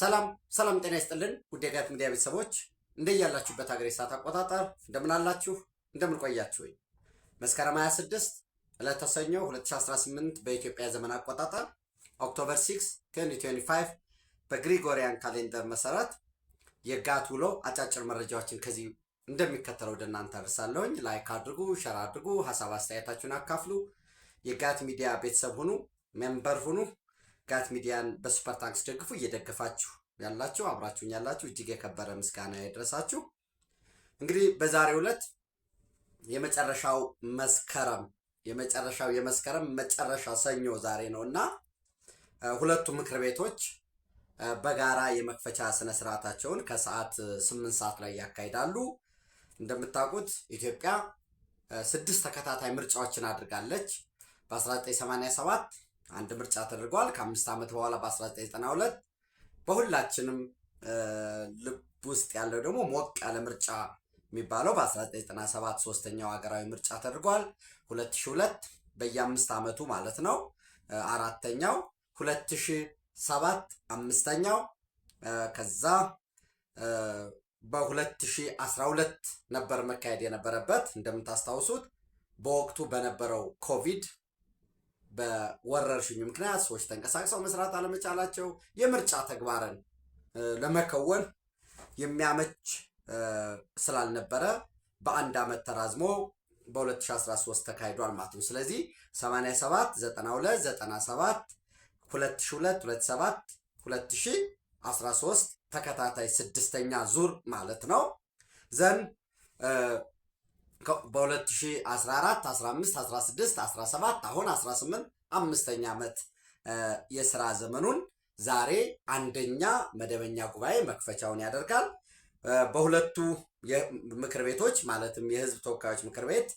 ሰላም ሰላም፣ ጤና ይስጥልን ውድ የጋት ሚዲያ ቤተሰቦች እንደያላችሁበት ሀገር የሰዓት አቆጣጠር እንደምናላችሁ እንደምን ወይ መስከረም 26 ዕለተ ሰኞ 2018 በኢትዮጵያ ዘመን አቆጣጠር ኦክቶበር 6 2025 በግሪጎሪያን ካሌንደር መሰረት የጋት ውሎ አጫጭር መረጃዎችን ከዚህ እንደሚከተለው ወደ እናንተ ላይክ አድርጉ፣ ሸር አድርጉ፣ ሀሳብ አስተያየታችሁን አካፍሉ፣ የጋት ሚዲያ ቤተሰብ ሁኑ፣ ሜምበር ሁኑ። ጋት ሚዲያን በሱፐር ታንክስ ደግፉ። እየደገፋችሁ ያላችሁ አብራችሁኝ ያላችሁ እጅግ የከበረ ምስጋና ይድረሳችሁ። እንግዲህ በዛሬው ዕለት የመጨረሻው መስከረም የመጨረሻው የመስከረም መጨረሻ ሰኞ ዛሬ ነው እና ሁለቱ ምክር ቤቶች በጋራ የመክፈቻ ስነስርዓታቸውን ከሰዓት ስምንት ሰዓት ላይ ያካሂዳሉ። እንደምታውቁት ኢትዮጵያ ስድስት ተከታታይ ምርጫዎችን አድርጋለች በ1987 አንድ ምርጫ ተደርጓል። ከአምስት ዓመት በኋላ በ1992 በሁላችንም ልብ ውስጥ ያለው ደግሞ ሞቅ ያለ ምርጫ የሚባለው በ1997 ሶስተኛው ሀገራዊ ምርጫ ተደርጓል። 2002 በየአምስት ዓመቱ ማለት ነው አራተኛው፣ 2007 አምስተኛው። ከዛ በ2012 ነበር መካሄድ የነበረበት እንደምታስታውሱት በወቅቱ በነበረው ኮቪድ በወረርሽኝ ምክንያት ሰዎች ተንቀሳቅሰው መስራት አለመቻላቸው የምርጫ ተግባርን ለመከወን የሚያመች ስላልነበረ በአንድ ዓመት ተራዝሞ በ2013 ተካሂዷል ማለት ነው። ስለዚህ 87 92 97 2002 27 2013 ተከታታይ ስድስተኛ ዙር ማለት ነው ዘንድ በ2014 15 16 17 አሁን 18 አምስተኛ ዓመት የስራ ዘመኑን ዛሬ አንደኛ መደበኛ ጉባኤ መክፈቻውን ያደርጋል። በሁለቱ ምክር ቤቶች ማለትም የህዝብ ተወካዮች ምክር ቤት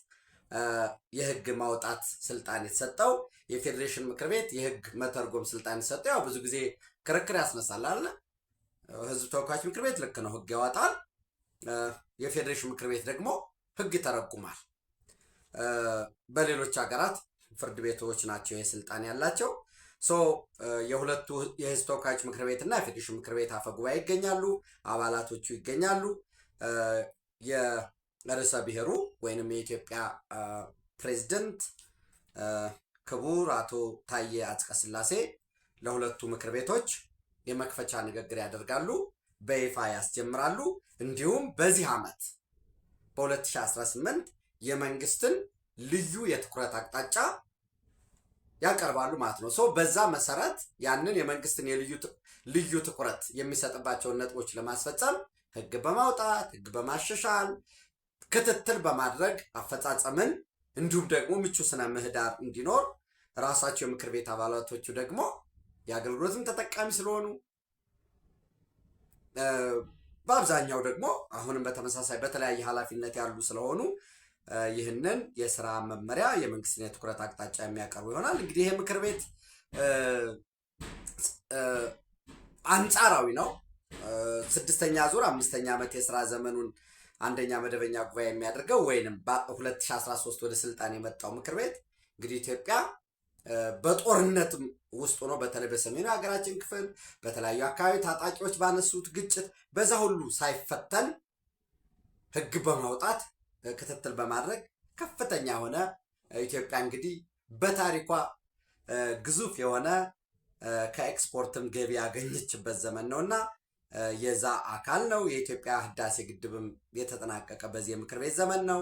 የህግ ማውጣት ስልጣን የተሰጠው፣ የፌዴሬሽን ምክር ቤት የህግ መተርጎም ስልጣን የተሰጠው ያው ብዙ ጊዜ ክርክር ያስነሳል አለ። ህዝብ ተወካዮች ምክር ቤት ልክ ነው፣ ህግ ያወጣል። የፌዴሬሽን ምክር ቤት ደግሞ ህግ ይተረጉማል። በሌሎች ሀገራት ፍርድ ቤቶች ናቸው ይህ ስልጣን ያላቸው። የሁለቱ የህዝብ ተወካዮች ምክር ቤት እና የፌዴሬሽን ምክር ቤት አፈጉባኤ ይገኛሉ፣ አባላቶቹ ይገኛሉ። የርዕሰ ብሔሩ ወይንም የኢትዮጵያ ፕሬዝደንት ክቡር አቶ ታዬ አጽቀሥላሴ ለሁለቱ ምክር ቤቶች የመክፈቻ ንግግር ያደርጋሉ፣ በይፋ ያስጀምራሉ። እንዲሁም በዚህ ዓመት በ2018 የመንግስትን ልዩ የትኩረት አቅጣጫ ያቀርባሉ ማለት ነው። ሰው በዛ መሰረት ያንን የመንግስትን ልዩ ትኩረት የሚሰጥባቸውን ነጥቦች ለማስፈጸም ህግ በማውጣት ህግ በማሻሻል ክትትል በማድረግ አፈጻጸምን እንዲሁም ደግሞ ምቹ ስነ ምህዳር እንዲኖር ራሳቸው የምክር ቤት አባላቶቹ ደግሞ የአገልግሎትም ተጠቃሚ ስለሆኑ በአብዛኛው ደግሞ አሁንም በተመሳሳይ በተለያየ ኃላፊነት ያሉ ስለሆኑ ይህንን የስራ መመሪያ የመንግስትን የትኩረት አቅጣጫ የሚያቀርቡ ይሆናል። እንግዲህ ይህ ምክር ቤት አንጻራዊ ነው። ስድስተኛ ዙር አምስተኛ ዓመት የስራ ዘመኑን አንደኛ መደበኛ ጉባኤ የሚያደርገው ወይንም በ2013 ወደ ስልጣን የመጣው ምክር ቤት እንግዲህ ኢትዮጵያ በጦርነት ውስጥ ሆኖ በተለይ በሰሜኑ የሀገራችን ክፍል በተለያዩ አካባቢ ታጣቂዎች ባነሱት ግጭት በዛ ሁሉ ሳይፈተን ህግ በማውጣት ክትትል በማድረግ ከፍተኛ የሆነ ኢትዮጵያ እንግዲህ በታሪኳ ግዙፍ የሆነ ከኤክስፖርትም ገቢ ያገኘችበት ዘመን ነው እና የዛ አካል ነው። የኢትዮጵያ ህዳሴ ግድብም የተጠናቀቀ በዚህ የምክር ቤት ዘመን ነው።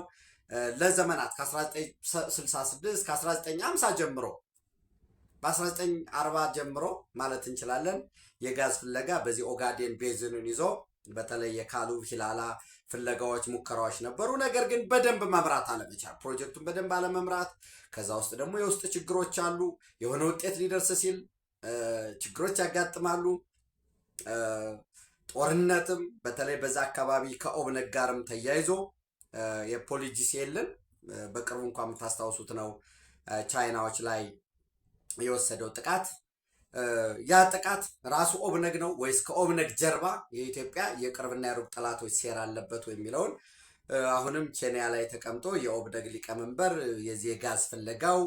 ለዘመናት ከ1966 ከ1950 ጀምሮ በ1940 ጀምሮ ማለት እንችላለን የጋዝ ፍለጋ በዚህ ኦጋዴን ቤዝንን ይዞ በተለይ የካሉብ ሂላላ ፍለጋዎች ሙከራዎች ነበሩ። ነገር ግን በደንብ መምራት አለመቻል፣ ፕሮጀክቱን በደንብ አለመምራት፣ ከዛ ውስጥ ደግሞ የውስጥ ችግሮች አሉ። የሆነ ውጤት ሊደርስ ሲል ችግሮች ያጋጥማሉ። ጦርነትም በተለይ በዛ አካባቢ ከኦብነግ ጋርም ተያይዞ የፖሊጂሲ የለን በቅርቡ እንኳ የምታስታውሱት ነው ቻይናዎች ላይ የወሰደው ጥቃት ያ ጥቃት ራሱ ኦብነግ ነው ወይስ ከኦብነግ ጀርባ የኢትዮጵያ የቅርብና የሩቅ ጠላቶች ሴራ አለበት የሚለውን አሁንም ኬንያ ላይ ተቀምጦ የኦብነግ ሊቀመንበር የዚህ ጋዝ ፍለጋው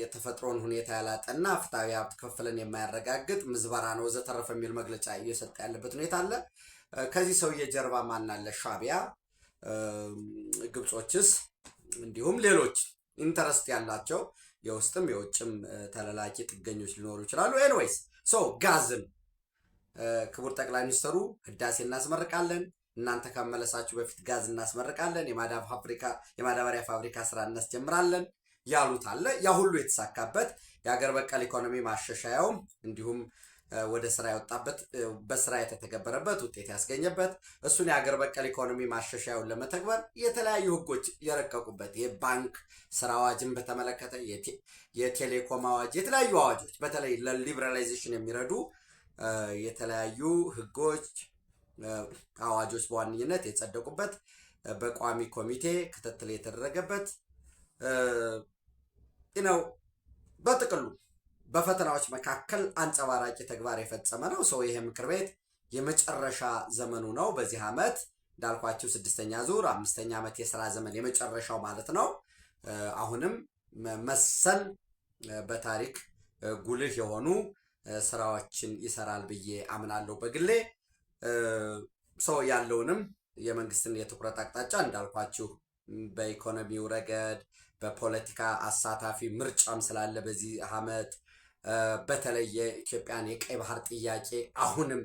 የተፈጥሮን ሁኔታ ያላጠና ፍትሐዊ ሀብት ክፍፍልን የማያረጋግጥ ምዝበራ ነው ወዘተረፈ የሚል መግለጫ እየሰጠ ያለበት ሁኔታ አለ። ከዚህ ሰውዬ ጀርባ ማናለ? ሻቢያ፣ ግብጾችስ እንዲሁም ሌሎች ኢንተረስት ያላቸው የውስጥም የውጭም ተለላኪ ጥገኞች ሊኖሩ ይችላሉ። ኤንዌይስ ሶ ጋዝን ክቡር ጠቅላይ ሚኒስትሩ ህዳሴ እናስመርቃለን። እናንተ ከመለሳችሁ በፊት ጋዝ እናስመርቃለን፣ የማዳበሪያ ፋብሪካ ስራ እናስጀምራለን ያሉት አለ። ያ ሁሉ የተሳካበት የሀገር በቀል ኢኮኖሚ ማሻሻያውም እንዲሁም ወደ ስራ የወጣበት በስራ የተተገበረበት ውጤት ያስገኘበት እሱን የሀገር በቀል ኢኮኖሚ ማሻሻያውን ለመተግበር የተለያዩ ህጎች የረቀቁበት የባንክ ስራ አዋጅን በተመለከተ የቴሌኮም አዋጅ፣ የተለያዩ አዋጆች በተለይ ለሊበራላይዜሽን የሚረዱ የተለያዩ ህጎች አዋጆች በዋነኝነት የጸደቁበት በቋሚ ኮሚቴ ክትትል የተደረገበት ነው በጥቅሉ በፈተናዎች መካከል አንጸባራቂ ተግባር የፈጸመ ነው። ሰው ይሄ ምክር ቤት የመጨረሻ ዘመኑ ነው። በዚህ ዓመት እንዳልኳችሁ ስድስተኛ ዙር አምስተኛ ዓመት የስራ ዘመን የመጨረሻው ማለት ነው። አሁንም መሰል በታሪክ ጉልህ የሆኑ ስራዎችን ይሰራል ብዬ አምናለሁ በግሌ ሰው ያለውንም የመንግስትን የትኩረት አቅጣጫ እንዳልኳችሁ በኢኮኖሚው ረገድ በፖለቲካ አሳታፊ ምርጫም ስላለ በዚህ ዓመት በተለይ የኢትዮጵያን የቀይ ባህር ጥያቄ አሁንም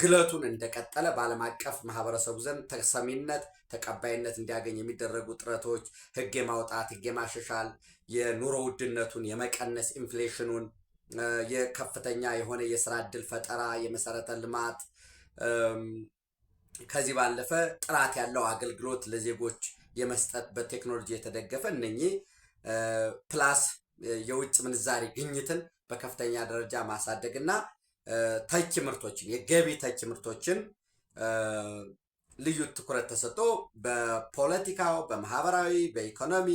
ግለቱን እንደቀጠለ በዓለም አቀፍ ማህበረሰቡ ዘንድ ተሰሚነት ተቀባይነት እንዲያገኝ የሚደረጉ ጥረቶች ህግ የማውጣት ህግ የማሻሻል የኑሮ ውድነቱን የመቀነስ ኢንፍሌሽኑን የከፍተኛ የሆነ የስራ እድል ፈጠራ የመሰረተ ልማት ከዚህ ባለፈ ጥራት ያለው አገልግሎት ለዜጎች የመስጠት በቴክኖሎጂ የተደገፈ እነኚህ ፕላስ የውጭ ምንዛሬ ግኝትን በከፍተኛ ደረጃ ማሳደግና ተኪ ምርቶችን የገቢ ተኪ ምርቶችን ልዩ ትኩረት ተሰጥቶ በፖለቲካው፣ በማህበራዊ፣ በኢኮኖሚ፣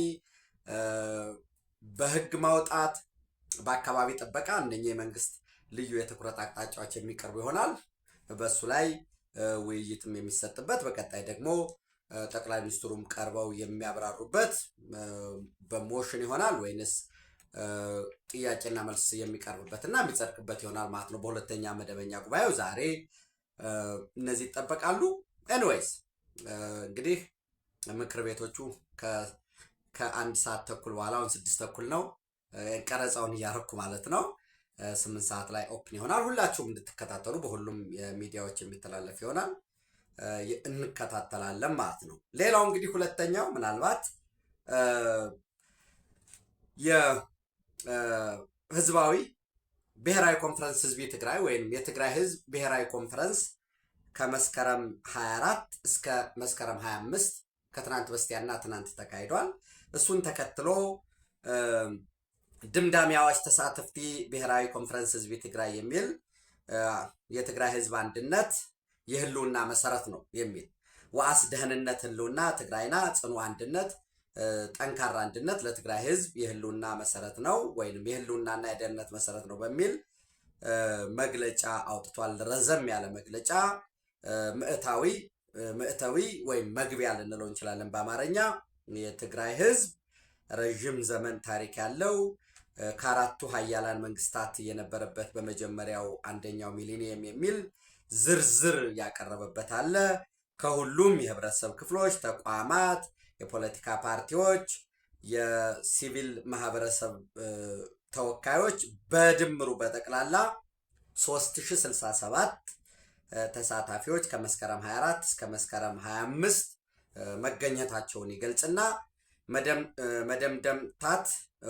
በህግ ማውጣት፣ በአካባቢ ጥበቃ እነኚህ የመንግስት ልዩ የትኩረት አቅጣጫዎች የሚቀርቡ ይሆናል። በሱ ላይ ውይይትም የሚሰጥበት በቀጣይ ደግሞ ጠቅላይ ሚኒስትሩም ቀርበው የሚያብራሩበት በሞሽን ይሆናል ወይንስ ጥያቄና መልስ የሚቀርብበት እና የሚጸድቅበት ይሆናል ማለት ነው። በሁለተኛ መደበኛ ጉባኤው ዛሬ እነዚህ ይጠበቃሉ። ኤንዌይስ እንግዲህ ምክር ቤቶቹ ከአንድ ሰዓት ተኩል በኋላ አሁን ስድስት ተኩል ነው፣ ቀረጻውን እያረኩ ማለት ነው። ስምንት ሰዓት ላይ ኦፕን ይሆናል። ሁላችሁም እንድትከታተሉ በሁሉም ሚዲያዎች የሚተላለፍ ይሆናል። እንከታተላለን ማለት ነው። ሌላው እንግዲህ ሁለተኛው ምናልባት ህዝባዊ ብሔራዊ ኮንፈረንስ ህዝቢ ትግራይ ወይም የትግራይ ህዝብ ብሔራዊ ኮንፈረንስ ከመስከረም 24 እስከ መስከረም 25 ከትናንት በስቲያና ትናንት ተካሂዷል። እሱን ተከትሎ ድምዳሚያዎች ተሳተፍቲ ተሳትፍቲ ብሔራዊ ኮንፈረንስ ህዝቢ ትግራይ የሚል የትግራይ ህዝብ አንድነት የህልውና መሰረት ነው የሚል ዋአስ ደህንነት ህልውና ትግራይና ጽኑ አንድነት ጠንካራ አንድነት ለትግራይ ህዝብ የህልውና መሰረት ነው ወይም የህልውናና የደህንነት መሰረት ነው በሚል መግለጫ አውጥቷል። ረዘም ያለ መግለጫ ምዕታዊ ምዕተዊ ወይም መግቢያ ልንለው እንችላለን በአማርኛ የትግራይ ህዝብ ረዥም ዘመን ታሪክ ያለው ከአራቱ ሀያላን መንግስታት የነበረበት በመጀመሪያው አንደኛው ሚሊኒየም የሚል ዝርዝር ያቀረበበት አለ። ከሁሉም የህብረተሰብ ክፍሎች፣ ተቋማት የፖለቲካ ፓርቲዎች፣ የሲቪል ማህበረሰብ ተወካዮች በድምሩ በጠቅላላ 3067 ተሳታፊዎች ከመስከረም 24 እስከ መስከረም 25 መገኘታቸውን ይገልጽና መደምደምታት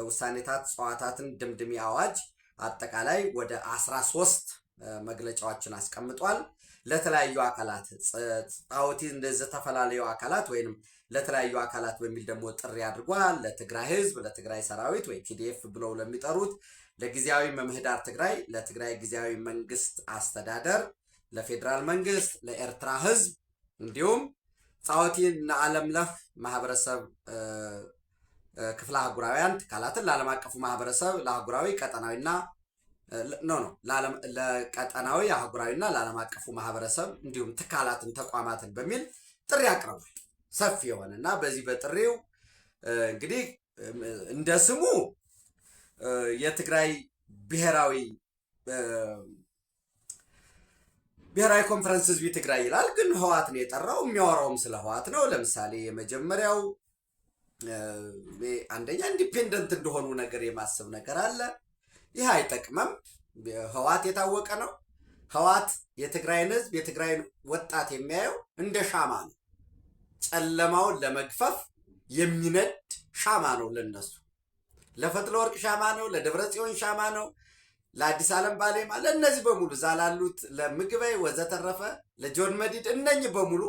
ውሳኔታት ጸዋታትን ድምድሜ አዋጅ አጠቃላይ ወደ 13 መግለጫዎችን አስቀምጧል። ለተለያዩ አካላት ጣውቲ እንደዚህ ተፈላለዩ አካላት ወይንም ለተለያዩ አካላት በሚል ደግሞ ጥሪ አድርጓል። ለትግራይ ህዝብ፣ ለትግራይ ሰራዊት ወይ ቲዲኤፍ ብለው ለሚጠሩት ለጊዜያዊ መምህዳር ትግራይ፣ ለትግራይ ጊዜያዊ መንግስት አስተዳደር፣ ለፌዴራል መንግስት፣ ለኤርትራ ህዝብ እንዲሁም ፃወቲ ንዓለምለፍ ማህበረሰብ ክፍለ አህጉራውያን ትካላትን ለዓለም አቀፉ ማህበረሰብ ለአህጉራዊ ቀጠናዊና ኖ ኖ ለቀጠናዊ አህጉራዊና ለዓለም አቀፉ ማህበረሰብ እንዲሁም ትካላትን ተቋማትን በሚል ጥሪ አቅርቧል። ሰፊ የሆነ እና በዚህ በጥሪው እንግዲህ እንደ ስሙ የትግራይ ብሔራዊ ብሔራዊ ኮንፈረንስ ህዝቢ ትግራይ ይላል፣ ግን ህዋት ነው የጠራው። የሚያወራውም ስለ ህዋት ነው። ለምሳሌ የመጀመሪያው አንደኛ ኢንዲፔንደንት እንደሆኑ ነገር የማሰብ ነገር አለ። ይህ አይጠቅመም። ህዋት የታወቀ ነው። ህዋት የትግራይን ህዝብ የትግራይን ወጣት የሚያየው እንደ ሻማ ነው። ጨለማውን ለመግፈፍ የሚነድ ሻማ ነው። ለነሱ ለፈትለ ወርቅ ሻማ ነው፣ ለደብረ ጽዮን ሻማ ነው፣ ለአዲስ ዓለም ባሌማ፣ ለእነዚህ በሙሉ እዛ ላሉት ለምግበይ ወዘተረፈ ለጆን መዲድ እነኚህ በሙሉ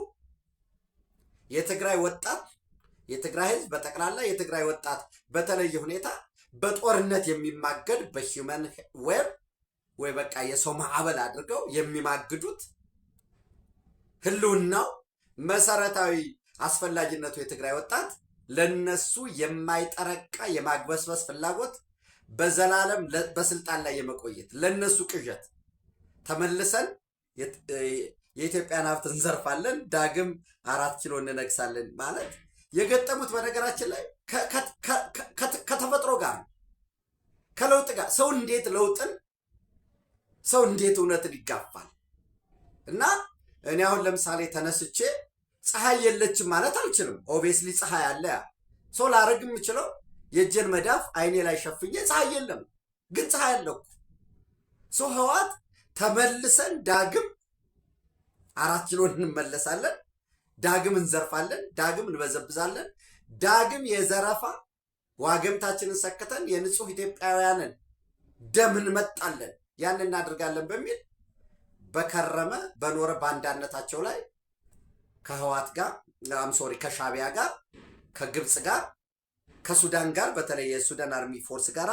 የትግራይ ወጣት የትግራይ ህዝብ በጠቅላላ የትግራይ ወጣት በተለየ ሁኔታ በጦርነት የሚማገድ በሂውመን ዌብ ወይ በቃ የሰው ማዕበል አድርገው የሚማግዱት ህልውናው መሰረታዊ አስፈላጊነቱ የትግራይ ወጣት ለነሱ የማይጠረቃ የማግበስበስ ፍላጎት በዘላለም በስልጣን ላይ የመቆየት ለነሱ ቅዠት ተመልሰን የኢትዮጵያን ሀብት እንዘርፋለን፣ ዳግም አራት ኪሎ እንነግሳለን ማለት የገጠሙት በነገራችን ላይ ከተፈጥሮ ጋር ከለውጥ ጋር ሰው እንዴት ለውጥን ሰው እንዴት እውነትን ይጋፋል እና እኔ አሁን ለምሳሌ ተነስቼ ፀሐይ የለችም ማለት አልችልም። ኦብቪየስሊ ፀሐይ አለ። ያ ሰው ላረግ የምችለው የእጄን መዳፍ አይኔ ላይ ሸፍኜ ፀሐይ የለም ግን ፀሐይ አለ እኮ ህዋት ተመልሰን ዳግም አራት ኪሎ እንመለሳለን። ዳግም እንዘርፋለን፣ ዳግም እንበዘብዛለን፣ ዳግም የዘረፋ ዋገምታችንን ሰክተን የንጹህ ኢትዮጵያውያንን ደም እንመጣለን። ያን እናደርጋለን በሚል በከረመ በኖረ ባንዳነታቸው ላይ ከህዋት ጋር ሶሪ ከሻቢያ ጋር ከግብፅ ጋር ከሱዳን ጋር በተለይ የሱዳን አርሚ ፎርስ ጋር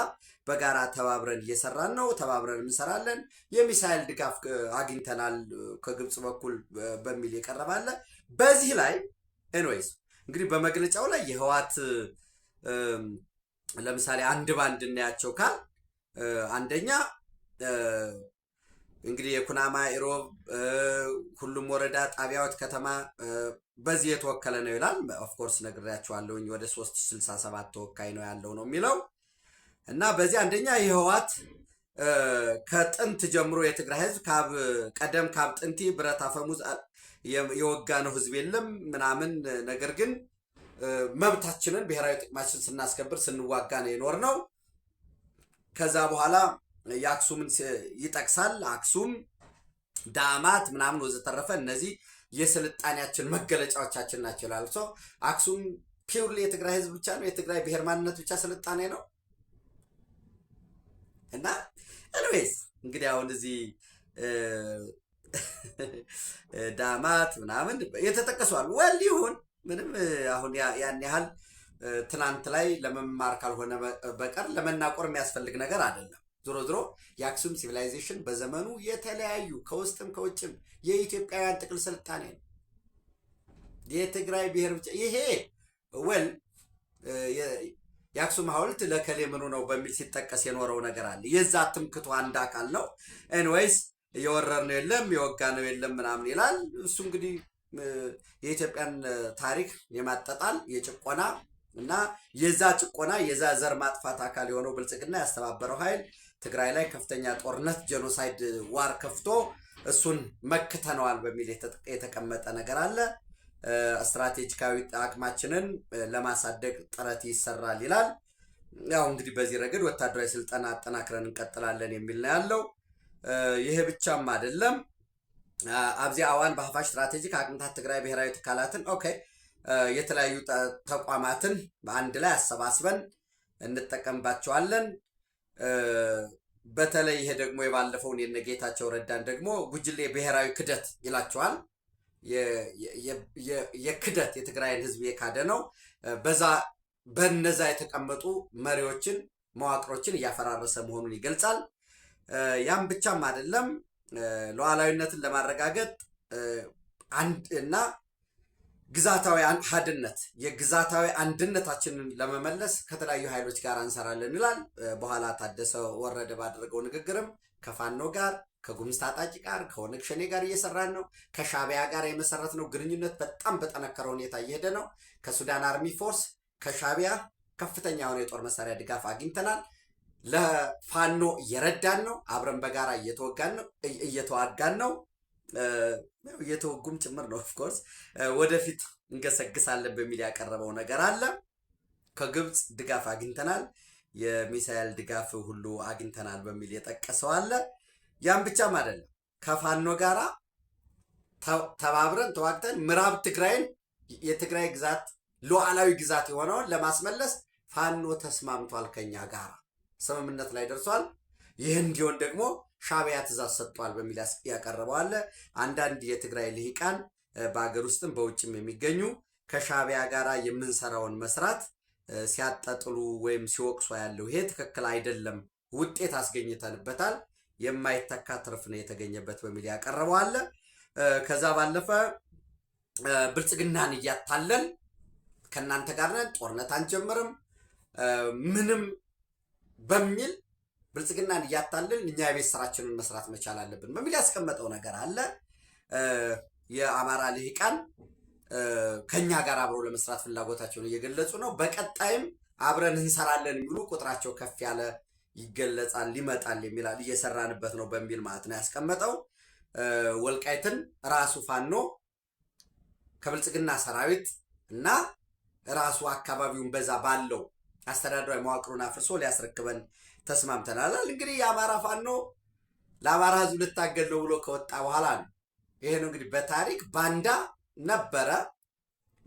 በጋራ ተባብረን እየሰራን ነው። ተባብረን እንሰራለን። የሚሳይል ድጋፍ አግኝተናል ከግብፅ በኩል በሚል የቀረባለ በዚህ ላይ ኤንዌይስ እንግዲህ በመግለጫው ላይ የህዋት ለምሳሌ አንድ ባንድ እናያቸው ካል አንደኛ እንግዲህ የኩናማ ኢሮብ፣ ሁሉም ወረዳ ጣቢያዎች፣ ከተማ በዚህ የተወከለ ነው ይላል። ኦፍኮርስ ነግሬያቸዋለሁኝ ወደ 367 ተወካይ ነው ያለው ነው የሚለው እና በዚህ አንደኛ የህወሓት ከጥንት ጀምሮ የትግራይ ህዝብ ካብ ቀደም ካብ ጥንቲ ብረት አፈሙዝ የወጋ ነው ህዝብ የለም ምናምን። ነገር ግን መብታችንን ብሔራዊ ጥቅማችን ስናስከብር ስንዋጋ ነው የኖር ነው ከዛ በኋላ የአክሱምን ይጠቅሳል። አክሱም፣ ዳማት ምናምን ወዘተረፈ እነዚህ የስልጣኔያችን መገለጫዎቻችን ናቸው ይላል። ሰው አክሱም ፒውርሊ የትግራይ ህዝብ ብቻ ነው የትግራይ ብሔር ማንነት ብቻ ስልጣኔ ነው እና ኤኒዌይስ እንግዲህ አሁን እዚህ ዳማት ምናምን የተጠቀሷል ወል ይሁን ምንም አሁን ያን ያህል ትናንት ላይ ለመማር ካልሆነ በቀር ለመናቆር የሚያስፈልግ ነገር አይደለም። ዞሮ ዞሮ የአክሱም ሲቪላይዜሽን በዘመኑ የተለያዩ ከውስጥም ከውጭም የኢትዮጵያውያን ጥቅል ስልጣኔ ነው። የትግራይ ብሔር ብቻ ይሄ ወል የአክሱም ሐውልት ለከሌ ምኑ ነው በሚል ሲጠቀስ የኖረው ነገር አለ። የዛ ትምክቱ አንድ አካል ነው። ኤንዌይስ የወረር ነው የለም የወጋ ነው የለም ምናምን ይላል። እሱ እንግዲህ የኢትዮጵያን ታሪክ የማጠጣል የጭቆና እና የዛ ጭቆና የዛ ዘር ማጥፋት አካል የሆነው ብልጽግና ያስተባበረው ኃይል ትግራይ ላይ ከፍተኛ ጦርነት ጄኖሳይድ ዋር ከፍቶ እሱን መክተነዋል በሚል የተቀመጠ ነገር አለ። ስትራቴጂካዊ አቅማችንን ለማሳደግ ጥረት ይሰራል ይላል። ያው እንግዲህ በዚህ ረገድ ወታደራዊ ስልጠና አጠናክረን እንቀጥላለን የሚል ነው ያለው። ይሄ ብቻም አይደለም። አብዚ አዋን በሀፋ ስትራቴጂክ አቅምታት ትግራይ ብሔራዊ ትካላትን ኦኬ የተለያዩ ተቋማትን በአንድ ላይ አሰባስበን እንጠቀምባቸዋለን። በተለይ ይሄ ደግሞ የባለፈውን የነጌታቸው ረዳን ደግሞ ጉጅሌ ብሔራዊ ክደት ይላቸዋል። የክደት የትግራይን ህዝብ የካደ ነው። በዛ በነዛ የተቀመጡ መሪዎችን መዋቅሮችን እያፈራረሰ መሆኑን ይገልጻል። ያም ብቻም አይደለም ሉዓላዊነትን ለማረጋገጥ አንድ እና ግዛታዊ ሀድነት የግዛታዊ አንድነታችንን ለመመለስ ከተለያዩ ኃይሎች ጋር እንሰራለን ይላል። በኋላ ታደሰ ወረደ ባደረገው ንግግርም ከፋኖ ጋር፣ ከጉምዝ ታጣቂ ጋር፣ ከኦነግ ሸኔ ጋር እየሰራን ነው፣ ከሻቢያ ጋር የመሰረት ነው ግንኙነት በጣም በጠነከረ ሁኔታ እየሄደ ነው። ከሱዳን አርሚ ፎርስ፣ ከሻቢያ ከፍተኛ የሆነ የጦር መሳሪያ ድጋፍ አግኝተናል። ለፋኖ እየረዳን ነው። አብረን በጋራ እየተዋጋን ነው። የተወጉም ጭምር ነው። ኦፍኮርስ ወደፊት እንገሰግሳለን በሚል ያቀረበው ነገር አለ። ከግብፅ ድጋፍ አግኝተናል፣ የሚሳኤል ድጋፍ ሁሉ አግኝተናል በሚል የጠቀሰው አለ። ያን ብቻም አይደለም ከፋኖ ጋራ ተባብረን ተዋግተን ምዕራብ ትግራይን የትግራይ ግዛት ሉዓላዊ ግዛት የሆነውን ለማስመለስ ፋኖ ተስማምቷል፣ ከኛ ጋር ስምምነት ላይ ደርሷል። ይህ እንዲሆን ደግሞ ሻቢያ ትእዛዝ ሰጥቷል በሚል ያቀረበው አንዳንድ የትግራይ ልሂቃን በሀገር ውስጥም በውጭም የሚገኙ ከሻቢያ ጋር የምንሰራውን መስራት ሲያጠጥሉ ወይም ሲወቅሱ ያለው ይሄ ትክክል አይደለም፣ ውጤት አስገኝተንበታል፣ የማይተካ ትርፍ ነው የተገኘበት በሚል ያቀረበው ከዛ ባለፈ ብልጽግናን እያታለን ከእናንተ ጋር ነን ጦርነት አንጀምርም ምንም በሚል ብልጽግናን እያታለን እኛ የቤት ስራችንን መስራት መቻል አለብን በሚል ያስቀመጠው ነገር አለ። የአማራ ልሂቃን ከኛ ጋር አብረው ለመስራት ፍላጎታቸውን እየገለጹ ነው። በቀጣይም አብረን እንሰራለን የሚሉ ቁጥራቸው ከፍ ያለ ይገለጻል፣ ይመጣል የሚላል እየሰራንበት ነው በሚል ማለት ነው ያስቀመጠው። ወልቃይትን ራሱ ፋኖ ከብልጽግና ሰራዊት እና ራሱ አካባቢውን በዛ ባለው አስተዳደራዊ መዋቅሩን አፍርሶ ሊያስረክበን ተስማምተናል። እንግዲህ የአማራ ፋኖ ለአማራ ህዝብ ልታገል ነው ብሎ ከወጣ በኋላ ነው። ይሄ ነው እንግዲህ በታሪክ ባንዳ ነበረ።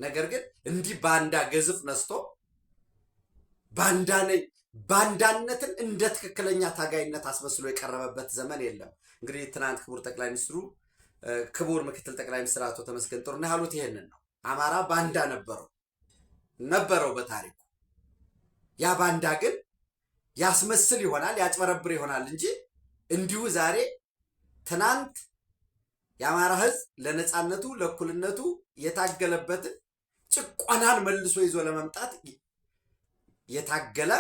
ነገር ግን እንዲህ ባንዳ ገዝፍ ነስቶ ባንዳ ነኝ ባንዳነትን እንደ ትክክለኛ ታጋይነት አስመስሎ የቀረበበት ዘመን የለም። እንግዲህ ትናንት ክቡር ጠቅላይ ሚኒስትሩ ክቡር ምክትል ጠቅላይ ሚኒስትር አቶ ተመስገን ጥሩነህ ያሉት ይሄንን ነው። አማራ ባንዳ ነበረው ነበረው በታሪኩ ያ ባንዳ ግን ያስመስል ይሆናል፣ ያጭበረብር ይሆናል እንጂ እንዲሁ ዛሬ ትናንት የአማራ ህዝብ ለነፃነቱ ለእኩልነቱ የታገለበትን ጭቆናን መልሶ ይዞ ለመምጣት የታገለ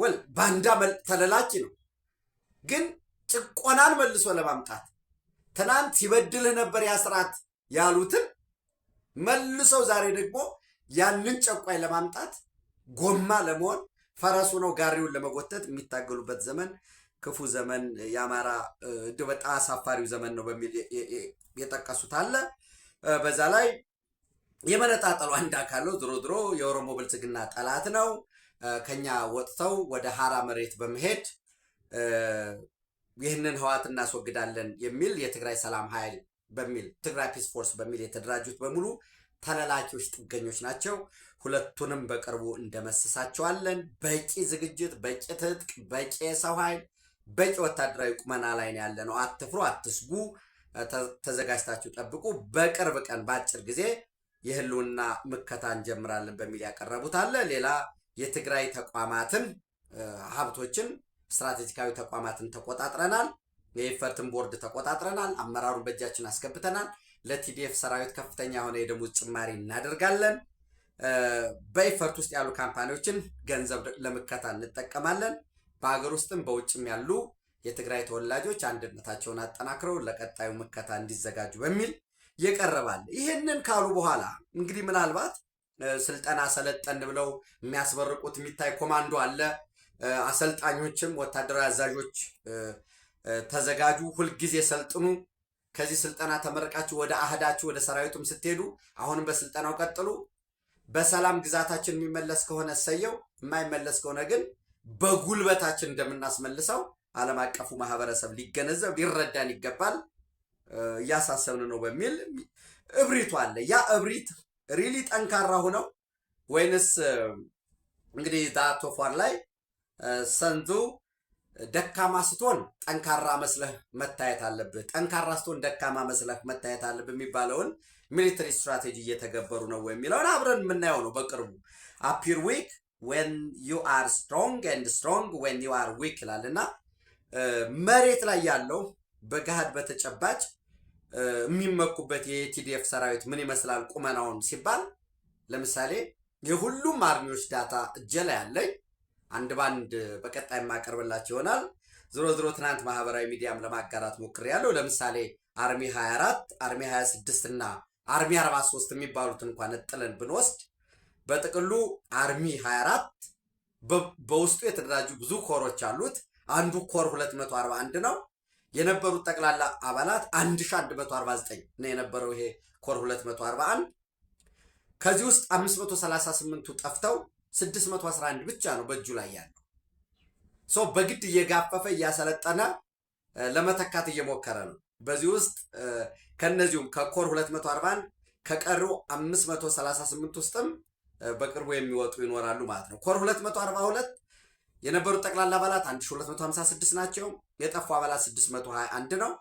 ወል ባንዳ ተለላኪ ነው። ግን ጭቆናን መልሶ ለማምጣት ትናንት ሲበድልህ ነበር ያ ስርዓት ያሉትን መልሰው ዛሬ ደግሞ ያንን ጨቋኝ ለማምጣት ጎማ ለመሆን ፈረሱ ነው ጋሪውን ለመጎተት የሚታገሉበት ዘመን ክፉ ዘመን የአማራ በጣ አሳፋሪው ዘመን ነው በሚል የጠቀሱት አለ። በዛ ላይ የመነጣጠሉ አንድ አካል ነው። ድሮ ድሮ የኦሮሞ ብልጽግና ጠላት ነው። ከኛ ወጥተው ወደ ሀራ መሬት በመሄድ ይህንን ህዋት እናስወግዳለን የሚል የትግራይ ሰላም ኃይል በሚል ትግራይ ፒስ ፎርስ በሚል የተደራጁት በሙሉ ተለላኪዎች ጥገኞች ናቸው። ሁለቱንም በቅርቡ እንደመስሳቸዋለን። በቂ ዝግጅት፣ በቂ ትጥቅ፣ በቂ የሰው ኃይል፣ በቂ ወታደራዊ ቁመና ላይ ነው ያለ ነው። አትፍሩ፣ አትስጉ፣ ተዘጋጅታችሁ ጠብቁ። በቅርብ ቀን በአጭር ጊዜ የህልውና ምከታ እንጀምራለን በሚል ያቀረቡት አለ። ሌላ የትግራይ ተቋማትን ሀብቶችን ስትራቴጂካዊ ተቋማትን ተቆጣጥረናል። የኢፈርትን ቦርድ ተቆጣጥረናል። አመራሩን በእጃችን አስገብተናል። ለቲዲኤፍ ሰራዊት ከፍተኛ የሆነ የደሞዝ ጭማሪ እናደርጋለን። በኢፈርት ውስጥ ያሉ ካምፓኒዎችን ገንዘብ ለመከታ እንጠቀማለን። በሀገር ውስጥም በውጭም ያሉ የትግራይ ተወላጆች አንድነታቸውን አጠናክረው ለቀጣዩ ምከታ እንዲዘጋጁ በሚል ይቀርባል። ይህንን ካሉ በኋላ እንግዲህ ምናልባት ስልጠና ሰለጠን ብለው የሚያስመርቁት የሚታይ ኮማንዶ አለ። አሰልጣኞችም ወታደራዊ አዛዦች ተዘጋጁ፣ ሁልጊዜ ሰልጥኑ። ከዚህ ስልጠና ተመረቃችሁ ወደ አህዳችሁ ወደ ሰራዊቱም ስትሄዱ አሁንም በስልጠናው ቀጥሉ። በሰላም ግዛታችን የሚመለስ ከሆነ እሰየው፣ የማይመለስ ከሆነ ግን በጉልበታችን እንደምናስመልሰው ዓለም አቀፉ ማህበረሰብ ሊገነዘብ ሊረዳን ይገባል፣ እያሳሰብን ነው በሚል እብሪቱ አለ። ያ እብሪት ሪሊ ጠንካራ ሆነው ወይንስ እንግዲህ ዳቶፏር ላይ ሰንዙ ደካማ ስትሆን ጠንካራ መስለህ መታየት አለብህ፣ ጠንካራ ስትሆን ደካማ መስለህ መታየት አለብህ የሚባለውን ሚሊተሪ ስትራቴጂ እየተገበሩ ነው የሚለውን አብረን የምናየው ነው በቅርቡ። አፒር ዊክ ዌን ዩ አር ስትሮንግ ኤንድ ስትሮንግ ዌን ዩ አር ዊክ ይላል እና መሬት ላይ ያለው በገሃድ በተጨባጭ የሚመኩበት የቲዲኤፍ ሰራዊት ምን ይመስላል ቁመናውን ሲባል ለምሳሌ የሁሉም አርሚዎች ዳታ እጄ ላይ ያለኝ አንድ ባንድ በቀጣይ የማቀርብላቸው ይሆናል። ዝሮ ዝሮ ትናንት ማህበራዊ ሚዲያም ለማጋራት ሞክሬያለሁ። ለምሳሌ አርሚ 24 አርሚ 26 እና አርሚ 43 የሚባሉት እንኳን እጥለን ብንወስድ በጥቅሉ አርሚ 24 በውስጡ የተደራጁ ብዙ ኮሮች አሉት። አንዱ ኮር 241 ነው። የነበሩት ጠቅላላ አባላት 1149 ነው የነበረው ይሄ ኮር 241። ከዚህ ውስጥ 538ቱ ጠፍተው 611 ብቻ ነው በእጁ ላይ ያለው ሰው። በግድ እየጋፈፈ እያሰለጠነ ለመተካት እየሞከረ ነው። በዚህ ውስጥ ከነዚሁም ከኮር 241 ከቀሩ 538 ውስጥም በቅርቡ የሚወጡ ይኖራሉ ማለት ነው። ኮር 242 የነበሩት ጠቅላላ አባላት 1256 ናቸው። የጠፉ አባላት 621 ነው።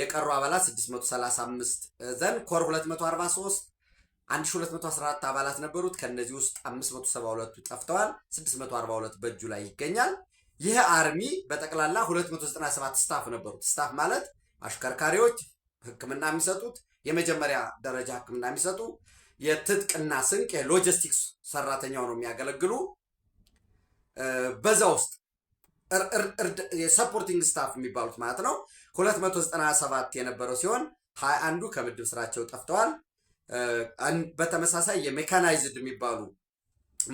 የቀሩ አባላት 635 ዘንድ ኮር 243 1214 አባላት ነበሩት። ከነዚህ ውስጥ 572ቱ ጠፍተዋል። 642 በእጁ ላይ ይገኛል። ይህ አርሚ በጠቅላላ 297 ስታፍ ነበሩት። ስታፍ ማለት አሽከርካሪዎች ህክምና የሚሰጡት የመጀመሪያ ደረጃ ህክምና የሚሰጡ የትጥቅና ስንቅ የሎጂስቲክስ ሰራተኛው ነው የሚያገለግሉ። በዛ ውስጥ የሰፖርቲንግ ስታፍ የሚባሉት ማለት ነው 297 የነበረው ሲሆን ሀያ አንዱ ከምድብ ስራቸው ጠፍተዋል። በተመሳሳይ የሜካናይዝድ የሚባሉ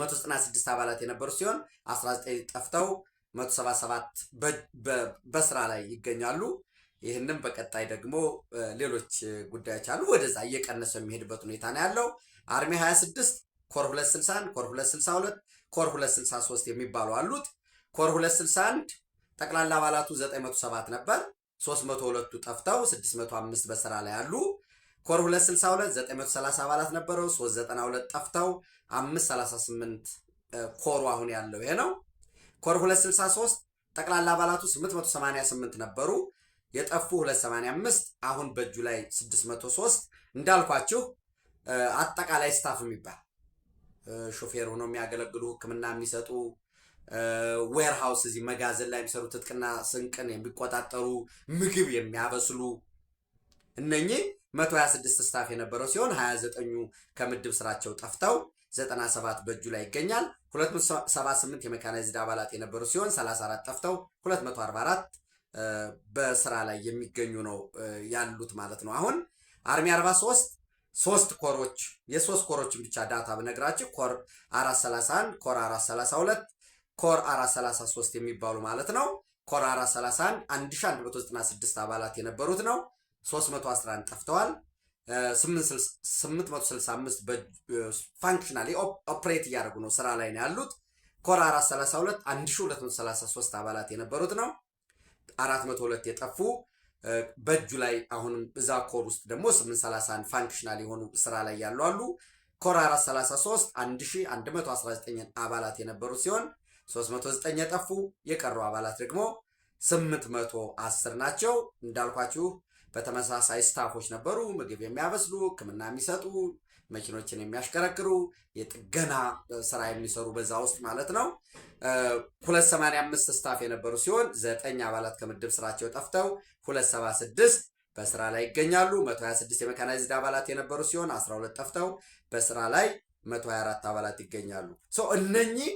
196 አባላት የነበሩ ሲሆን 19 ጠፍተው 177 በስራ ላይ ይገኛሉ። ይህንም በቀጣይ ደግሞ ሌሎች ጉዳዮች አሉ። ወደዛ እየቀነሰ የሚሄድበት ሁኔታ ነው ያለው። አርሜ 26 ኮር 261 ኮር 262 ኮር 263 የሚባሉ አሉት። ኮር 261 ጠቅላላ አባላቱ 907 ነበር። 302ቱ ጠፍተው 605 በስራ ላይ አሉ። ኮር 262 930 አባላት ነበረው። 392 ጠፍተው 538 ኮሩ አሁን ያለው ይሄ ነው። ኮር 263 ጠቅላላ አባላቱ 888 ነበሩ። የጠፉ 285 አሁን በእጁ ላይ 603 እንዳልኳችሁ አጠቃላይ ስታፍ የሚባል ሾፌር ሆነው የሚያገለግሉ ህክምና የሚሰጡ ዌርሃውስ እዚህ መጋዘን ላይ የሚሰሩ ትጥቅና ስንቅን የሚቆጣጠሩ ምግብ የሚያበስሉ እነኚህ 126 ስታፍ የነበረው ሲሆን 29ኙ ከምድብ ስራቸው ጠፍተው 97 በእጁ ላይ ይገኛል። 278 የሜካናይዝድ አባላት የነበሩ ሲሆን 34 ጠፍተው 244 በስራ ላይ የሚገኙ ነው ያሉት ማለት ነው። አሁን አርሚ 43 ሶስት ኮሮች የሶስት ኮሮችን ብቻ ዳታ ብነግራችሁ ኮር 431 ኮር 432 ኮር 433 የሚባሉ ማለት ነው። ኮር 431 1196 አባላት የነበሩት ነው። 311 ጠፍተዋል። 865 ፋንክሽናሊ ኦፕሬት እያደረጉ ነው፣ ስራ ላይ ነው ያሉት። ኮር 432 1233 አባላት የነበሩት ነው። አራት መቶ ሁለት የጠፉ በእጁ ላይ አሁንም እዛ ኮር ውስጥ ደግሞ 831 ፋንክሽናል የሆኑ ስራ ላይ ያሉ አሉ። ኮር 433 1119 አባላት የነበሩ ሲሆን 309 የጠፉ የቀሩ አባላት ደግሞ 810 ናቸው። እንዳልኳችሁ በተመሳሳይ ስታፎች ነበሩ፣ ምግብ የሚያበስሉ፣ ሕክምና የሚሰጡ፣ መኪኖችን የሚያሽከረክሩ፣ የጥገና ስራ የሚሰሩ በዛ ውስጥ ማለት ነው። ሁለት ሰማንያ አምስት ስታፍ የነበሩ ሲሆን ዘጠኝ አባላት ከምድብ ስራቸው ጠፍተው ሁለት ሰባ ስድስት በስራ ላይ ይገኛሉ። መቶ ሀያ ስድስት የመካናይዝድ አባላት የነበሩ ሲሆን አስራ ሁለት ጠፍተው በስራ ላይ መቶ ሀያ አራት አባላት ይገኛሉ። እነኚህ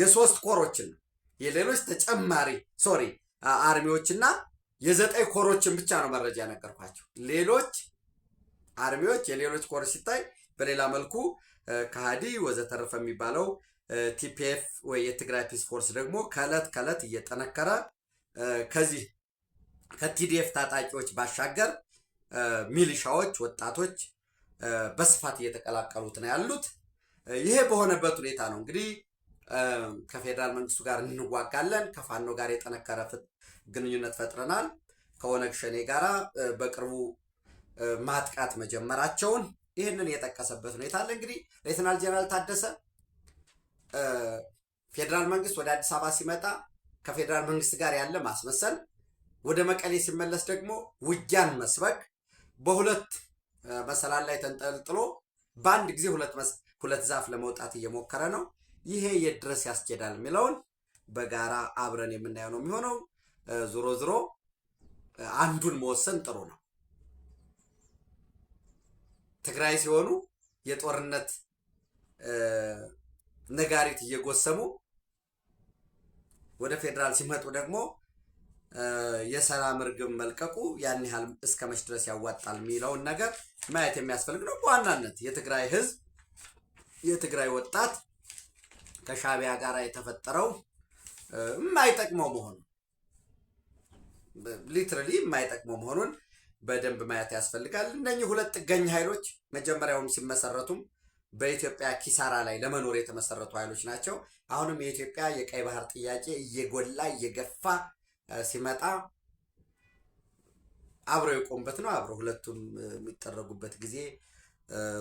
የሶስት ኮሮችን የሌሎች ተጨማሪ ሶሪ አርሚዎችና የዘጠኝ ኮሮችን ብቻ ነው መረጃ ያነገርኳቸው። ሌሎች አርሚዎች የሌሎች ኮሮች ሲታይ በሌላ መልኩ ከሃዲ ወዘተረፈ የሚባለው ቲፒኤፍ ወይ የትግራይ ፒስ ፎርስ ደግሞ ከእለት ከለት እየጠነከረ ከዚህ ከቲዲኤፍ ታጣቂዎች ባሻገር ሚሊሻዎች፣ ወጣቶች በስፋት እየተቀላቀሉት ነው ያሉት። ይሄ በሆነበት ሁኔታ ነው እንግዲህ ከፌዴራል መንግስቱ ጋር እንዋጋለን፣ ከፋኖ ጋር የጠነከረ ግንኙነት ፈጥረናል፣ ከኦነግ ሸኔ ጋር በቅርቡ ማጥቃት መጀመራቸውን ይህንን የጠቀሰበት ሁኔታ አለ። እንግዲህ ሌተናል ጄኔራል ታደሰ ፌዴራል መንግስት ወደ አዲስ አበባ ሲመጣ ከፌዴራል መንግስት ጋር ያለ ማስመሰል፣ ወደ መቀሌ ሲመለስ ደግሞ ውጊያን መስበክ፣ በሁለት መሰላል ላይ ተንጠልጥሎ በአንድ ጊዜ ሁለት ዛፍ ለመውጣት እየሞከረ ነው። ይሄ የት ድረስ ያስኬዳል የሚለውን በጋራ አብረን የምናየው ነው የሚሆነው። ዞሮ ዞሮ አንዱን መወሰን ጥሩ ነው። ትግራይ ሲሆኑ የጦርነት ነጋሪት እየጎሰሙ ወደ ፌዴራል ሲመጡ ደግሞ የሰላም ርግብ መልቀቁ ያን ያህል እስከ መች ድረስ ያዋጣል የሚለውን ነገር ማየት የሚያስፈልግ ነው። በዋናነት የትግራይ ህዝብ የትግራይ ወጣት ከሻቢያ ጋር የተፈጠረው የማይጠቅመው መሆኑ ሊትራሊ የማይጠቅመው መሆኑን በደንብ ማየት ያስፈልጋል። እነኚህ ሁለት ጥገኝ ኃይሎች መጀመሪያውም ሲመሰረቱም በኢትዮጵያ ኪሳራ ላይ ለመኖር የተመሰረቱ ኃይሎች ናቸው። አሁንም የኢትዮጵያ የቀይ ባህር ጥያቄ እየጎላ እየገፋ ሲመጣ አብረው የቆሙበት ነው። አብረው ሁለቱም የሚጠረጉበት ጊዜ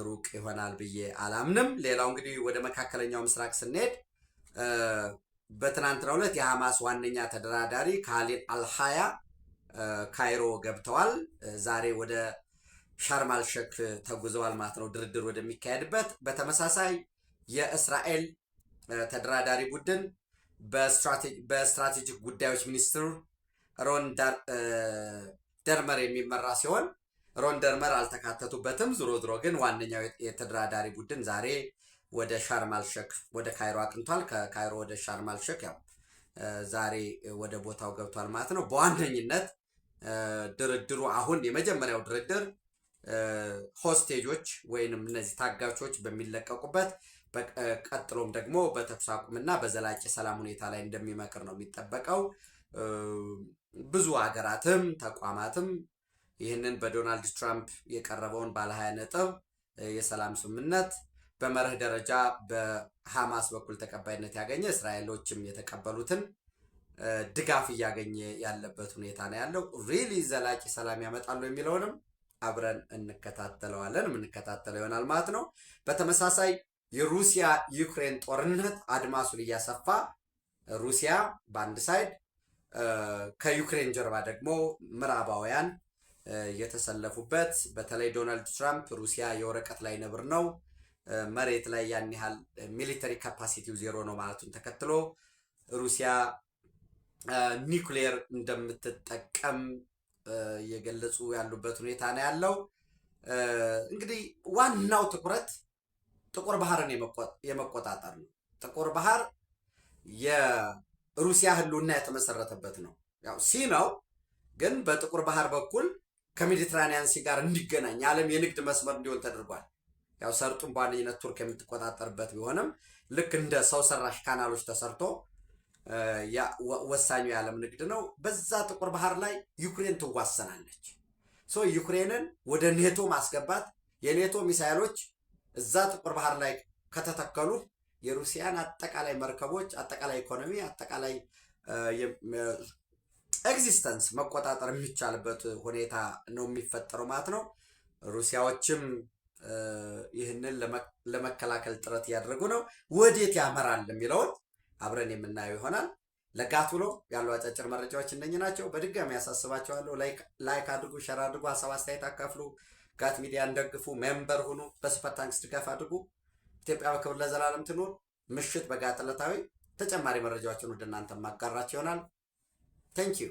ሩቅ ይሆናል ብዬ አላምንም። ሌላው እንግዲህ ወደ መካከለኛው ምስራቅ ስንሄድ በትናንትናው ዕለት የሐማስ ዋነኛ ተደራዳሪ ካሊድ አልሃያ ካይሮ ገብተዋል። ዛሬ ወደ ሻርማል ሼክ ተጉዘዋል ማለት ነው ድርድር ወደሚካሄድበት። በተመሳሳይ የእስራኤል ተደራዳሪ ቡድን በስትራቴጂክ ጉዳዮች ሚኒስትር ሮን ደርመር የሚመራ ሲሆን ሮን ደርመር አልተካተቱበትም። ዝሮ ዝሮ ግን ዋነኛው የተደራዳሪ ቡድን ዛሬ ወደ ሻርማል ወደ ካይሮ አቅንቷል። ከካይሮ ወደ ሻርማል ያው ዛሬ ወደ ቦታው ገብቷል ማለት ነው። በዋነኝነት ድርድሩ አሁን የመጀመሪያው ድርድር ሆስቴጆች ወይንም እነዚህ ታጋቾች በሚለቀቁበት ቀጥሎም ደግሞ በተኩስ አቁምና በዘላቂ ሰላም ሁኔታ ላይ እንደሚመክር ነው የሚጠበቀው። ብዙ ሀገራትም ተቋማትም ይህንን በዶናልድ ትራምፕ የቀረበውን ባለ ሀያ ነጥብ የሰላም ስምምነት በመርህ ደረጃ በሐማስ በኩል ተቀባይነት ያገኘ እስራኤሎችም የተቀበሉትን ድጋፍ እያገኘ ያለበት ሁኔታ ነው ያለው። ሪሊ ዘላቂ ሰላም ያመጣሉ የሚለውንም አብረን እንከታተለዋለን የምንከታተለው ይሆናል ማለት ነው። በተመሳሳይ የሩሲያ ዩክሬን ጦርነት አድማሱን እያሰፋ ሩሲያ በአንድ ሳይድ ከዩክሬን ጀርባ ደግሞ ምዕራባውያን የተሰለፉበት በተለይ ዶናልድ ትራምፕ ሩሲያ የወረቀት ላይ ነብር ነው፣ መሬት ላይ ያን ያህል ሚሊተሪ ካፓሲቲው ዜሮ ነው ማለቱን ተከትሎ ሩሲያ ኒውክሌር እንደምትጠቀም እየገለጹ ያሉበት ሁኔታ ነው ያለው። እንግዲህ ዋናው ትኩረት ጥቁር ባህርን የመቆጣጠር ነው። ጥቁር ባህር የሩሲያ ህልውና የተመሰረተበት ነው። ያው ሲ ነው፣ ግን በጥቁር ባህር በኩል ከሜዲትራኒያን ሲ ጋር እንዲገናኝ የዓለም የንግድ መስመር እንዲሆን ተደርጓል። ያው ሰርጡን በዋነኝነት ቱርክ የምትቆጣጠርበት ቢሆንም ልክ እንደ ሰው ሰራሽ ካናሎች ተሰርቶ ወሳኙ የዓለም ንግድ ነው። በዛ ጥቁር ባህር ላይ ዩክሬን ትዋሰናለች። ሶ ዩክሬንን ወደ ኔቶ ማስገባት የኔቶ ሚሳይሎች እዛ ጥቁር ባህር ላይ ከተተከሉ የሩሲያን አጠቃላይ መርከቦች፣ አጠቃላይ ኢኮኖሚ፣ አጠቃላይ ኤግዚስተንስ መቆጣጠር የሚቻልበት ሁኔታ ነው የሚፈጠረው ማለት ነው። ሩሲያዎችም ይህንን ለመከላከል ጥረት እያደረጉ ነው። ወዴት ያመራል የሚለውን አብረን የምናየው ይሆናል። ለጋት ብሎ ያሉ አጫጭር መረጃዎች እንደኝ ናቸው። በድጋሚ ያሳስባቸዋለሁ። ላይክ አድርጉ፣ ሸር አድርጉ፣ ሀሳብ አስተያየት አካፍሉ፣ ጋት ሚዲያን ደግፉ፣ ሜምበር ሁኑ፣ በሱፐር ታንክስ ድጋፍ አድርጉ። ኢትዮጵያ በክብር ለዘላለም ትኑር። ምሽት በጋት ዕለታዊ ተጨማሪ መረጃዎችን ወደ እናንተ ማጋራቸው ይሆናል። ተንኪዩ